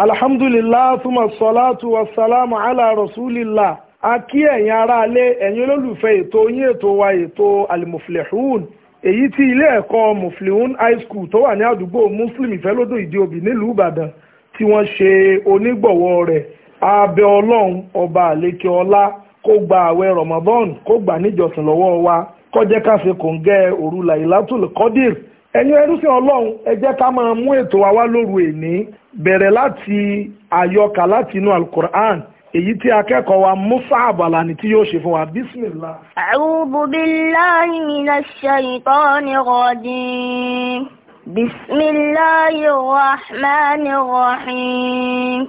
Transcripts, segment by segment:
alhamdulillah thumma salatu wa salamu ala rasulillah a kí ẹ̀yin aráalé ẹ̀yin olólùfẹ́ ètò yín ètò wa ètò alimuflehun èyí tí ilé ẹ̀kọ́ muflehun high school tó wà ní àdúgbò muslim ìfẹ́lódùn ìdí òbí nílùú ìbàdàn tí wọ́n ṣe onígbọ̀wọ́ rẹ̀ abẹ́ ọlọ́run ọba àlékè ọlá kó gba àwẹ̀ ramadan kó gbà níjọsìn lọ́wọ́ wa kó jẹ́ ká ṣe kòǹgẹ́ òru làyílátùl kọ́dìrì ẹ̀yin ẹrúsìn ọlọ́run ẹ jẹ́ ká máa mú ètò wa wá lóru èní bẹ̀rẹ̀ láti àyọkà láti inú alukur'an èyí tí akẹ́kọ̀ọ́ wa musa abalani tí yóò ṣe fún wa bismillah. a'udhu billahi minash shaitani rajim bismillahir rahmanir rahim.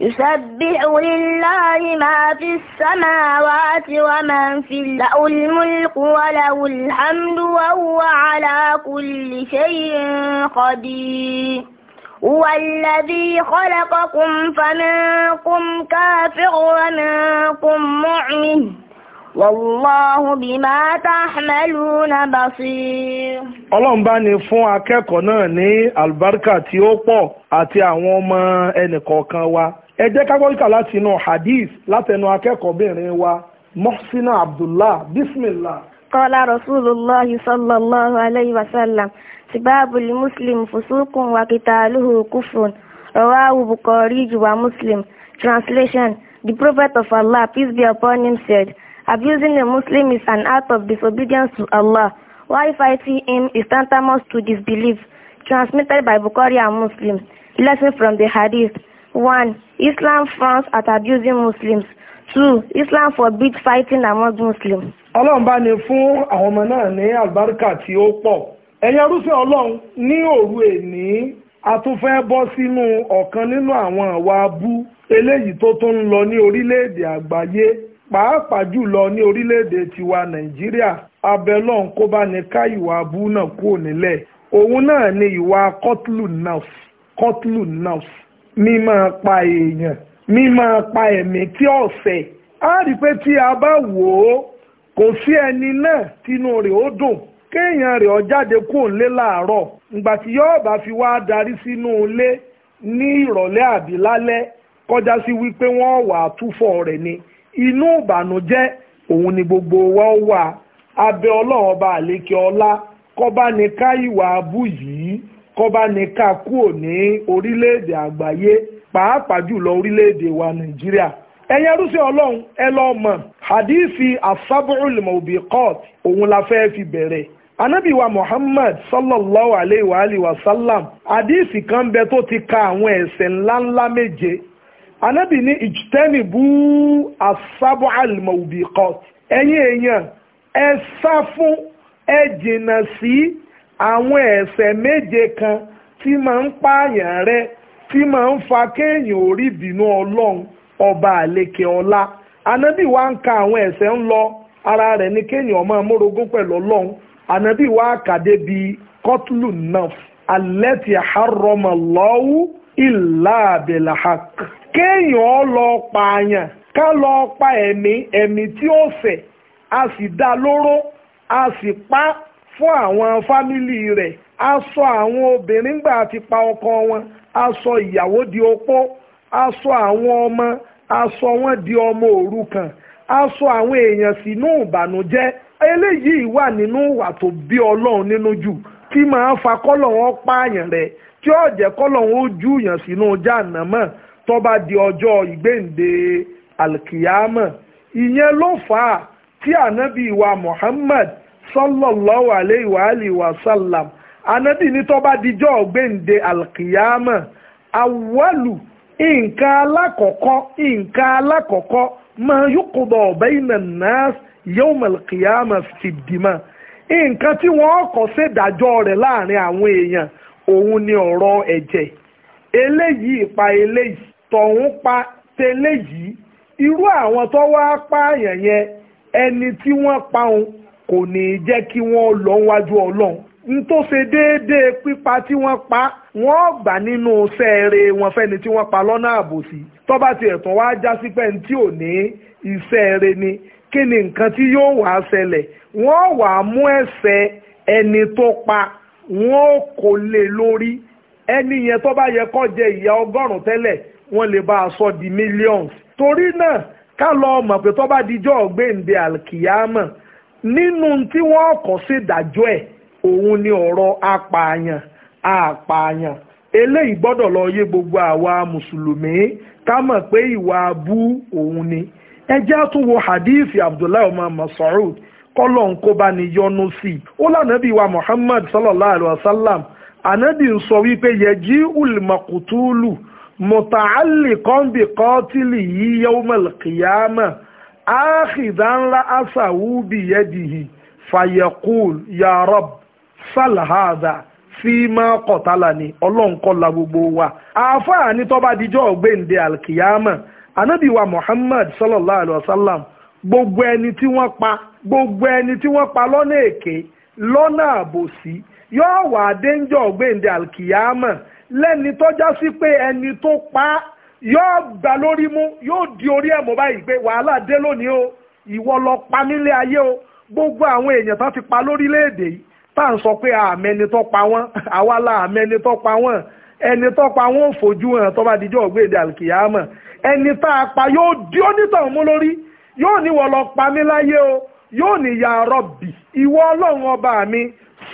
يسبح لله ما في السماوات ومن في له الملك وله الحمد وهو على كل شيء قدير هو الذي خلقكم فمنكم كافر ومنكم مؤمن والله بما تحملون بصير ọlọ́run bá ní fún akẹ́kọ̀ọ́ náà ní àlùbáríkà tí ó pọ̀ àti àwọn ọmọ ẹnìkọ̀ọ̀kan ẹ jẹ́ ká gbọ́dọ̀ láti inú hadith látẹnu akẹ́kọ̀ọ́bìnrin wa mohsina abdullah bismillah. qala rasulullah sallallahu alayhi wa sallam sibabul muslim fusukun wa kitaluhu kufrun rawahu bukhari wa muslim translation the prophet of allah peace be upon him said abusing a muslim is an act of disobedience to allah while fighting him is tantamount to disbelief transmitted by bukhari and muslim lesson from the hadith one Islam frowns at abusing Muslims. Two, Islam forbids fighting among Muslims. Ọlọ́run bá ní fún àwọn ọmọ náà ní àlùbáríkà tí ó pọ̀. Ẹ̀yin arúfẹ́ Ọlọ́run ní òru èní a tún fẹ́ bọ́ sínú ọ̀kan nínú àwọn àwa abú eléyìí tó tún ń lọ ní orílẹ̀-èdè àgbáyé pàápàá jùlọ ní orílẹ̀-èdè tiwa Nàìjíríà abẹ́lọ́n kó bá ní ká ìwà abú náà kúrò nílẹ̀. Òun náà ni ìwà kọ́tùlù náà kọ́tùlù náà mímọ́ pa èèyàn mímọ́ pa ẹ̀mí tí ọ̀sẹ̀ á rí pé a bá wò ó kò sí ẹni náà tínú rẹ̀ ó dùn kéèyàn rẹ̀ ó jáde kúrò nílé láàárọ̀ ìgbà tí yóò bá fi wá darí sínú ilé ní ìrọ̀lẹ́ àbí lálẹ́ kọjá sí wípé wọ́n wà á ni inú ìbànújẹ́ òun ni gbogbo wa wà abẹ́ ọlọ́run ọba àlékè ọlá ká kó bá ní ká kúrò ní orílẹ̀-èdè àgbáyé pàápàá jùlọ orílẹ̀-èdè wa nàìjíríà ẹ̀yin arúsẹ̀ ọlọ́run ẹ lọ́ọ́ mọ̀ hadithi asabuulmọ̀ òbí court òun la fẹ́ fi bẹ̀rẹ̀ anabi wa muhammad sallallahu alayhi wa alihi wa sallam hadisi kan bẹ tó ti ka àwọn ẹ̀ṣẹ̀ ńláńlá méje anabi ní ìjítẹ́nì bú asábọ̀ àlùmọ̀ọ́bì kọ́t ẹ̀yin èèyàn ẹ sá fún ẹ jìnnà sí àwọn ẹ̀ṣẹ̀ méje kan tí máa ń pààyàn rẹ tí máa ń fa kéèyàn orí ìbínú ọlọ́run ọba àlekè ọlá ànábì wa ń ka àwọn ń lọ ara rẹ̀ ní kéèyàn ọmọ amórogún pẹ̀lú ọlọ́run ànábì wa kàdé bíi kọ́tùlù náà alẹ́tì lọ́wọ́ ìlà àbẹ̀làhà kéèyàn lọ pa ẹ̀mí ẹ̀mí tí ó fẹ̀ a sì dá lóró pa fún àwọn fámìlì rẹ̀ a sọ àwọn obìnrin gbà ti pa ọkọ wọn a sọ ìyàwó di opó a sọ àwọn ọmọ a sọ wọn di ọmọ òrukàn a sọ àwọn èèyàn sínú ìbànújẹ́ eléyìí wà nínú ìwà tó bí ọlọ́run nínú jù tí máa fa kọ́lọ̀ wọn pààyàn rẹ̀ tí ó jẹ́ kọ́lọ̀ wọn ó júyàn sínú jàǹnàmọ́ tó bá di ọjọ́ ìgbéǹde alkiyama ìyẹn ló fà á tí ànábì wa Muhammad sallallahu alayhi wa alihi wa sallam anabi ní tó bá dijọ́ ọ̀gbẹ́ǹde alkiyama awalu nǹkan alákọ̀ọ́kọ́ nǹkan alákọ̀ọ́kọ́ máa yuqda bayna an-nas yawm al-qiyama fi dima nǹkan tí wọ́n kọ́ sí ìdájọ́ rẹ̀ láàrin àwọn èèyàn òun ni ọ̀rọ̀ ẹ̀jẹ̀ eléyìí pa eléyìí tọ̀hún pa tẹ́lẹ̀ yìí irú àwọn tó wá pààyàn yẹn ẹni tí wọ́n pa òun kò ní jẹ́ kí wọ́n lọ wájú ọlọ́run n tó ṣe déédéé pípa tí wọ́n pa wọ́n gbà nínú sẹ́ẹ̀rẹ̀ wọn fẹ́ni tí wọ́n pa lọ́nà àbòsí tọ́ba ti ẹ̀tàn wá já sí pẹ́ tí ò ní ìsẹ́ẹ̀rẹ̀ ni kí ni nǹkan tí yóò wá ṣẹlẹ̀ wọ́n wà mú ẹ̀ṣẹ̀ ẹni tó pa wọ́n kò lè lórí ẹni yẹn tó bá yẹ kó jẹ ìyà ọgọ́rùn-ún tẹ́lẹ̀ wọ́n lè bá a sọ di millions torí náà ká lọ mọ̀ pé tó bá dijọ́ ọ̀gbẹ́ǹde alkiyama nínú tí wọ́n kọ́ sí ìdájọ́ ẹ̀ òun ni ọ̀rọ̀ apààyàn apààyàn eléyìí gbọ́dọ̀ lọ yé gbogbo àwa mùsùlùmí ká mọ̀ pé ìwà abú òun ni ẹ jẹ́ tún wo hadith abdullahi ọmọ kọ́lọ̀ kọ́lọ́n kó bá ní yọnu sí i ó lànàbí wa muhammad sallallahu alayhi wa sallam ànábì ń sọ wípé yẹjí ulmakutulu mutaalli kọ́ńbì kọ́tìlì yìí yawmal qiyamah áàkìdá ńlá àṣàwù bìyẹ́dìhì fàyẹ̀kùl ya Rabb sàlàhàdà fíìmà kọ̀tàlà ni ọlọ́nkọ́la gbogbo wa àáfàá ní tọ́ba díjọ́ ọ̀gbẹ́ǹde alkiyama anábìwa Muhammad sallallahu alayhi wa sallam gbogbo ẹni tí wọ́n pa gbogbo ẹni tí wọ́n pa lọ́nà èké lọ́nà àbòsí yóò wà déńjọ́ ọ̀gbẹ́ǹde alkiyama lẹ́ni tọ́já sí pé ẹni tó pa á yóò gbà lórí mú yóò di orí ẹ̀ mọ́ báyìí pé wàhálà dé lónìí o ìwọ lọ pa nílé ayé o gbogbo àwọn èèyàn tó ti pa lórílẹ̀‐èdè yìí tá à ń sọ pé àmẹni tó pa wọ́n àwa la àmẹni tó pa wọ́n ẹni tó pa wọ́n ò fojú hàn tó bá dijọ́ ògbéde àlùkìyàmọ̀ ẹni tá a pa yóò di onítàn mú lórí yóò ní wọ́n lọ pa mí láyé o yóò ní ya rọ́bì ìwọ ọlọ́run ọba mi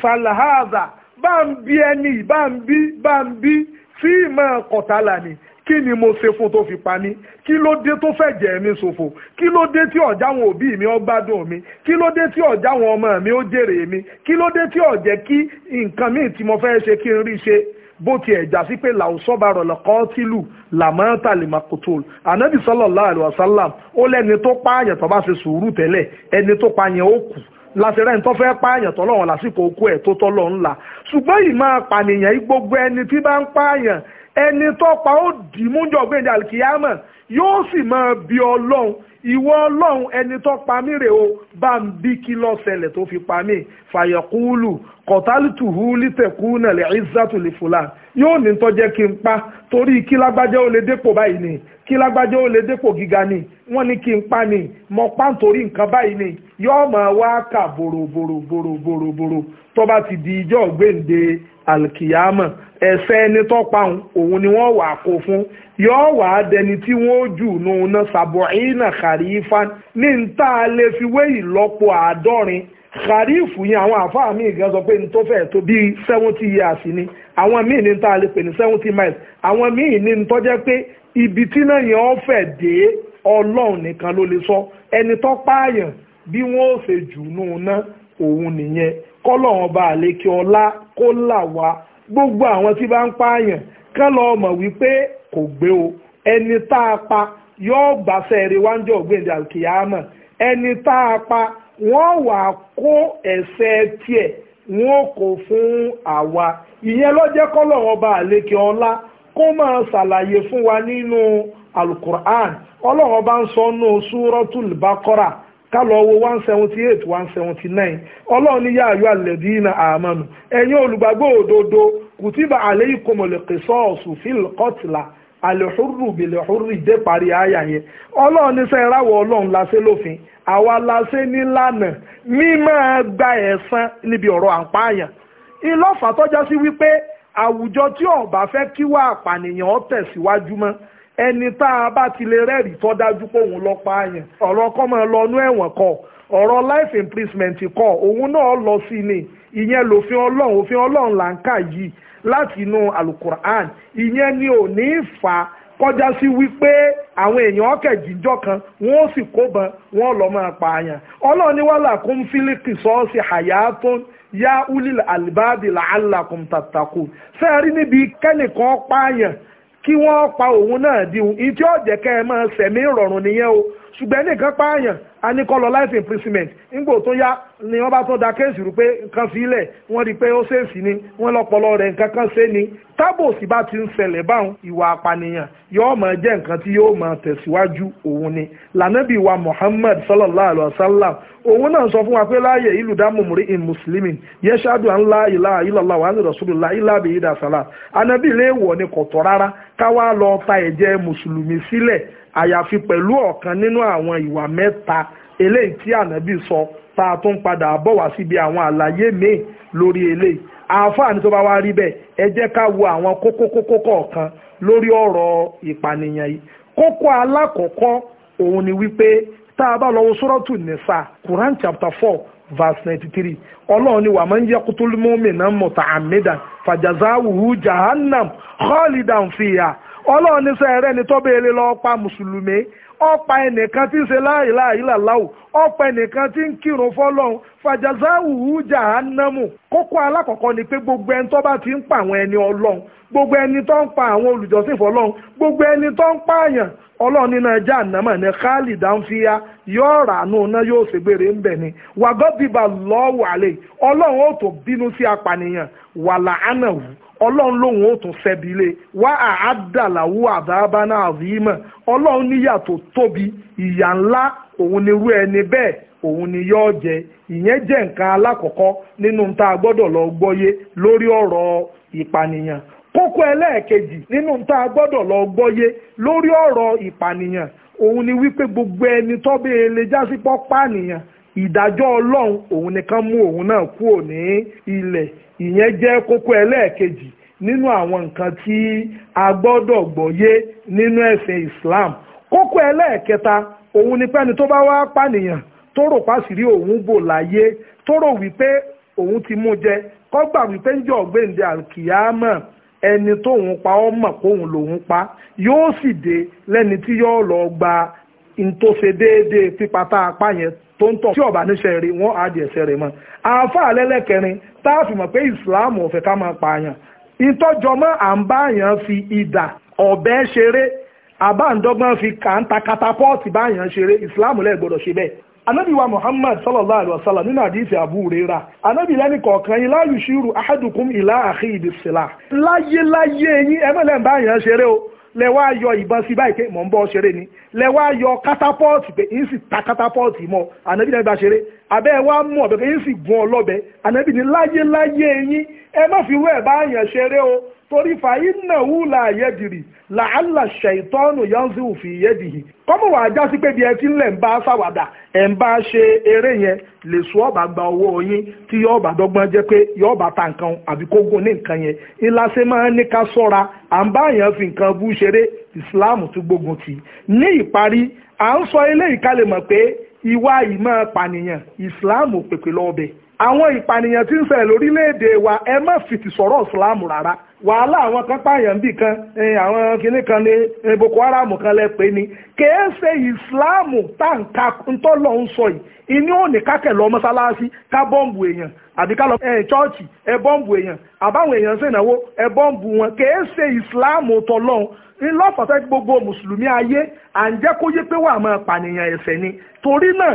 salahaza bá ń bí ẹni bá ń bí bá ń bí fíìmọ̀ kọ̀tàlà ni kí ni mo ṣe fún tó fi pa mí kí ló dé tó fẹ́ jẹ́ mi ṣòfò kí ló dé tí ọ̀já àwọn òbí mi ó gbádùn mi kí ló dé tí ọ̀já àwọn ọmọ mi ó jèrè mi kí ló dé tí ó jẹ́ kí nǹkan míì tí mo fẹ́ ṣe kí n rí ṣe bó tiẹ̀ já sí pé làwùsọ́bàrọ̀ lọ́kọ́ tìlù làmọ́ta lèmàkótó ànábì sallallahu alaihi wasallam ó lẹ́ni tó pààyàn tó bá ṣe sùúrù tẹ́lẹ̀ ẹni tó pààyàn ó kù lásìrẹ́ ń tó fẹ́ pààyàn tọ́lọ́run lásìkò okú ẹ̀ tó tọ́lọ́ ńlá ṣùgbọ́n ìmọ̀ apànìyàn gbogbo ẹni tí bá ń pààyàn ẹni tọ́pa ó dì í mújọ gbẹ̀dẹ̀ àlìkìyàmọ̀ yóò sì máa bí ọlọ́run ìwọ ọlọ́run ẹni tọ́pa mí rè o bá ń bí kí lọ́ọ́ ṣẹlẹ̀ tó fi pa mí fàyẹ̀kúlù kọ̀tálítùhù lítẹ̀kú nàlẹ̀ ìzátù lè fòlà yóò ní tọ́jẹ́ kí n pa torí kí lágbájá ó lè dépò báyìí ni kí lágbájá ó lè dépò gíga ni wọ́n ní kí n pa ni mọ pa nítorí nǹkan báyìí ni yóò máa wá kà bòròbòròbòròbòròbòrò tó bá ti di ìjọ́ gbèǹde alkiyama ẹ̀ṣẹ̀ ẹni tó paun òun ni wọ́n wà kó fún yóò wà á dẹni tí wọ́n jù nùnà sàbọ̀ìnà kàrífán ní níta lè fi wé ìlọ́po àádọ́rin kàrífù yẹn àwọn àfáà míì gan sọ pé ní tó fẹ́ẹ̀ tó bíi seventy years ni àwọn míì ní níta lè pè ní seventy miles àwọn míì ní nítọ́jẹ́ pé ibi tí náà yẹn ó fẹ́ dé ọlọ́run nìkan ló lè sọ ẹni tó pààyàn bí wọ́n ó ṣe jù nùnà òun nìyẹn kọ́lọ́run kó là wá gbogbo àwọn tí bá ń pààyàn kán lọ mọ̀ wípé kò gbé o ẹni tá a pa yóò gbàṣẹ́ rí wájú ọ̀gbìndì ẹni tá a pa wọ́n wà kó ẹ̀ṣẹ̀ tiẹ̀ wọ́n kò fún àwa ìyẹn wa nínú alukur'an bá ń sọ nù ká lọ wo one seventy eight one seventy nine ọlọ́run ní yáàyò àlẹ́dí iná àmọ́nù ẹ̀yin olùgbàgbọ́ òdodo kùtìbà àlẹ́yìn kòmọ̀lẹ́kẹ̀ sọ́ọ̀sù fílkọ́tìlà àlẹ́húrù bìlẹ́húrù ìdé parí àyà yẹn ọlọ́run ní sẹ́yìn ráwọ̀ ọlọ́run láṣẹ lófin àwa láṣẹ nílànà mímọ́ gba ẹ̀san níbi ọ̀rọ̀ àpáàyàn ìlọ́fà tọ́já sí wípé àwùjọ tí ó bá fẹ́ kíwà àpànìyàn ó tẹ̀síwájú mọ́ ẹni tá a bá ti lè rẹ́rìí tó dájú pé òun lọ pa àyàn ọ̀rọ̀ kọ́ máa lọ inú ẹ̀wọ̀n kọ ọ̀rọ̀ life imprisonment kọ òun náà lọ sí ni ìyẹn lòfin ọlọ́run òfin ọlọ́run là ń kà yìí láti inú alukur'an ìyẹn ni ò ní fà á kọjá sí wípé àwọn èèyàn kẹ̀jíjọ́ kan wọ́n sì kóbọn wọ́n lọ máa pa àyàn ọlọ́run ní wàhálà kún fílíkì sọ́ọ̀sì hayatun ya ulil alibadi la'allakum tattaqun fẹ́ẹ́ rí níbi kẹ́nìkan pààyàn kí wọ́n pa òun náà di ìtí ọ̀jẹ̀ kẹ́ ẹ máa sẹ̀mí ìrọ̀rùn nìyẹn o ṣùgbọ́n ẹnìkan pààyàn a ní kọ́ lọ life imprisonment nígbò tó yá ni wọ́n bá tó da kéèsì rú pé nǹkan fi ilẹ̀ wọ́n rí i pé ó ṣèèṣì ni wọ́n lọ́pọlọ rẹ̀ nǹkan kan ṣe ni tábòsì bá ti ń ṣẹlẹ̀ báwọn ìwà apànìyàn yóò máa jẹ́ nǹkan tí yóò máa tẹ̀síwájú òun ni lànàbí wa Muhammad sallallahu alayhi wa sallam òun náà sọ fún wa pé láàyè ìlú dámù múrí in mùsùlùmí yẹ́ṣáàdù ńlá ìlà ìlọ́lá wa ní rasulullah ìlà bìí dàsálà ànàbí ilé ìwọ̀ ni kọ̀tọ̀ rárá káwá lọ àyàfi pẹ̀lú ọ̀kan nínú àwọn ìwà mẹ́ta eléyìí tí ànábì sọ tá a tún padà bọ̀ wá síbi àwọn àlàyé míì lórí eléyìí àǹfààní tó bá wá rí bẹ́ẹ̀ ẹ jẹ́ ká wo àwọn kókó kókó kọ̀ọ̀kan lórí ọ̀rọ̀ ìpànìyàn yìí kókó alákọ̀ọ́kọ́ òun ni wípé tá a bá lọ wo sọ́rọ́tù nìsa Quran chapter four verse ninety three ọlọ́run ni wà máa ń yẹ kútúlùmọ́mì náà mọ̀tà àmìdá fàjàzáwùú jahannam khalidan fiha ọlọ́run ní sọ ẹ̀rẹ́ ni tọ́bẹ̀ẹ́lẹ́ lọ pa mùsùlùmí ọ̀pá ẹnìkan tí ń ṣe láìláì làláwù ọ̀pá ẹnìkan tí ń kírun fọ́lọ́run fàjàzáwùú jahannamu kókó alákọ̀ọ́kọ́ ni pé gbogbo ẹni tó ti ń pa àwọn ẹni ọlọ́run gbogbo ẹni tó ń pa àwọn olùjọ́sìn fọ́lọ́run gbogbo ẹni tó ń pààyàn ọlọ́run nínú ẹja ànámọ̀ ní khalida ń fi ya yóò ràánú náà yóò ṣègbèrè ń bẹ̀ ni wàgọ́bíbà lọ́wọ́ àlè ọlọ́run ó tó bínú sí apànìyàn wàlà ánàwù ọlọ́run lòun ó tún lé wá àádàláwù ọlọ́run níyà tó tóbi ìyà ni ẹni bẹ́ẹ̀ òun ni yóò jẹ ìyẹn jẹ́ nǹkan alákọ̀ọ́kọ́ nínú kókó ẹlẹ́ẹ̀kejì nínú tá gbọ́dọ̀ lọ gbọ́yé lórí ọ̀rọ̀ ìpànìyàn òun ni wípé gbogbo ẹni tọ́bẹ̀ ele jásípọ̀ pànìyàn ìdájọ́ ọlọ́run òun nìkan mú òun náà kúrò ní ilẹ̀ ìyẹn jẹ́ kókó ẹlẹ́ẹ̀kejì nínú àwọn nǹkan tí a gbọ́dọ̀ gbọ́yé nínú ẹ̀sìn Islam kókó ẹlẹ́ẹ̀kẹta òun ni pẹ́ni tó bá wá pànìyàn tó rò pàṣírí òun bò láyé tó rò wípé òun ti mú jẹ kọ́gbà wípé ń jọ ọ̀gbẹ́ǹde àkìyámọ̀ ẹni tóun pa ọ́ mọ̀ kóun lòun pa yóò sì dé lẹ́ni tí yóò lọ gba ntòsè déédéé pípa tá a pa yẹn tó ń tọ̀ tí ọ̀bà níṣẹ́ rí wọ́n á di ẹ̀ṣẹ̀ rẹ̀ mọ́ àáfà alẹ́lẹ́kẹrin tá a fi mọ̀ pé ìsìláàmù ọ̀fẹ́ ká máa pa àyàn ìtọ́jọmọ́ à ń bá àyàn fi ìdà ọ̀bẹ ṣeré àbáǹdọ́gbọ́n fi kàńtà katapọ́ọ̀tì bá àyàn ṣeré ìsìláàmù lẹ́gbọ́dọ̀ ṣe bẹ́ẹ̀ anabi wa muhammad sallallahu alaihi wasallam nínú àdìsí abu rera anabi lẹ́ni kọ̀ọ̀kan yín láyù ṣírù ahadukum ìlà àkì ìbísílà láyé láyé yín ẹ mọ̀lẹ́ bá yàn ṣeré o lẹ wá yọ ìbọn sí báyìí pé mò ń bọ́ ṣeré ni lẹ wá yọ kátápọ́ọ̀tì pé yín sì ta kátápọ́ọ̀tì mọ́ anabi lẹ́ni bá ṣeré abẹ́ ẹ wá mú ọ̀bẹ pé yín sì gun ọlọ́bẹ anabi ni láyé láyé yín ẹ fi wẹ́ẹ̀ bá yàn ṣeré o torí fàyí náà wù là yẹ́dìrì làálà ṣètọ́nù yánzí òfin yẹ́dìrì kọ́mọ̀ wàá já sí pé bí ẹ ti ń lẹ̀ ń bá ṣàwàdà ẹ̀ ń bá ṣe eré yẹn lè sọ ọ̀bà gba owó yín tí yọ ọ̀bà dọ́gbọ́n jẹ́ pé yọ ọ̀bà ta nǹkan àbí kó gún ní nǹkan yẹn ìlàsẹ̀ máa ń ní ká sọ́ra à ń bá yẹn fi nǹkan bú ṣeré Islam tún gbógun tì ní ìparí à ń sọ eléyìí ká mọ̀ pé ìwà ìmọ̀ àwọn ìpànìyàn tí ń ṣẹlẹ̀ lórílẹ̀ wa ẹ má fìtì sọrọ ìsìláàmù rárá wàhálà àwọn kan pààyàn kan àwọn kinní kan ní boko haram kan lẹ ni kèé ṣe ìsìláàmù táǹkà ńtọ́lọ̀ ń sọ yìí inú òní kákẹ́ lọ mọ́sálásí ká bọ́ǹbù èèyàn àbí ká lọ ṣọ́ọ̀ṣì ẹ bọ́ǹbù èèyàn àbáwọn èèyàn ẹ bọ́ǹbù wọn kèé ṣe gbogbo mùsùlùmí ayé à ń jẹ́ kó yé pé máa ni torí náà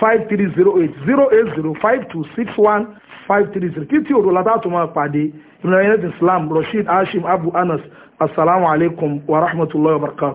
five three zero eight zero eight zero five two six one five three zero títí òru ládàá tó máa pàdé ìrìnàjò islam rasheed hashim abu anas Assalamu alaikum wa rahmatulahi wa barakatuh.